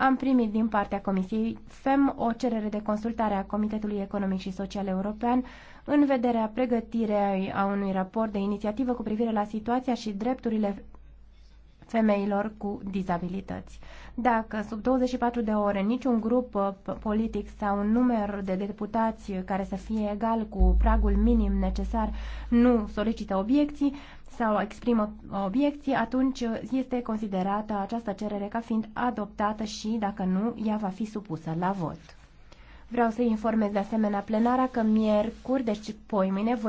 am primit din partea Comisiei FEM o cerere de consultare a Comitetului Economic și Social European în vederea pregătirei a unui raport de inițiativă cu privire la situația și drepturile femeilor cu dizabilități. Dacă sub 24 de ore niciun grup uh, politic sau un număr de deputați care să fie egal cu pragul minim necesar nu solicită obiecții sau exprimă uh, obiecții, atunci este considerată această cerere ca fiind adoptată și, dacă nu, ea va fi supusă la vot. Vreau să informez de asemenea plenara că miercuri, deci poimine, voi